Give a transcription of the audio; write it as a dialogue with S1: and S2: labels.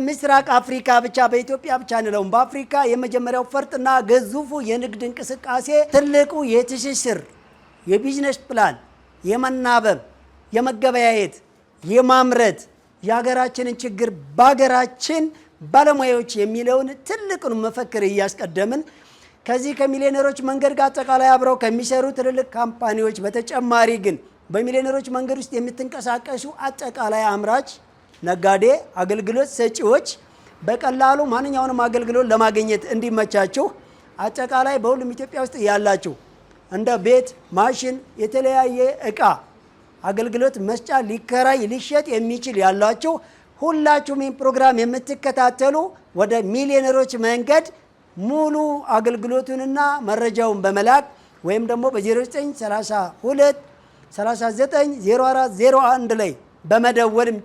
S1: በምስራቅ አፍሪካ ብቻ በኢትዮጵያ ብቻ እንለውም በአፍሪካ የመጀመሪያው ፈርጥና ግዙፉ የንግድ እንቅስቃሴ ትልቁ የትስስር የቢዝነስ ፕላን የመናበብ የመገበያየት የማምረት የሀገራችንን ችግር በሀገራችን ባለሙያዎች የሚለውን ትልቁን መፈክር እያስቀደምን ከዚህ ከሚሊዮነሮች መንገድ ጋር አጠቃላይ አብረው ከሚሰሩ ትልልቅ ካምፓኒዎች በተጨማሪ ግን በሚሊዮነሮች መንገድ ውስጥ የምትንቀሳቀሱ አጠቃላይ አምራች ነጋዴ አገልግሎት ሰጪዎች በቀላሉ ማንኛውንም አገልግሎት ለማግኘት እንዲመቻችሁ አጠቃላይ በሁሉም ኢትዮጵያ ውስጥ ያላችሁ እንደ ቤት፣ ማሽን፣ የተለያየ እቃ አገልግሎት መስጫ ሊከራይ ሊሸጥ የሚችል ያላችሁ ሁላችሁም ይህን ፕሮግራም የምትከታተሉ ወደ ሚሊዮነሮች መንገድ ሙሉ አገልግሎቱንና መረጃውን በመላክ ወይም ደግሞ በ0932 39 0401 ላይ በመደወልም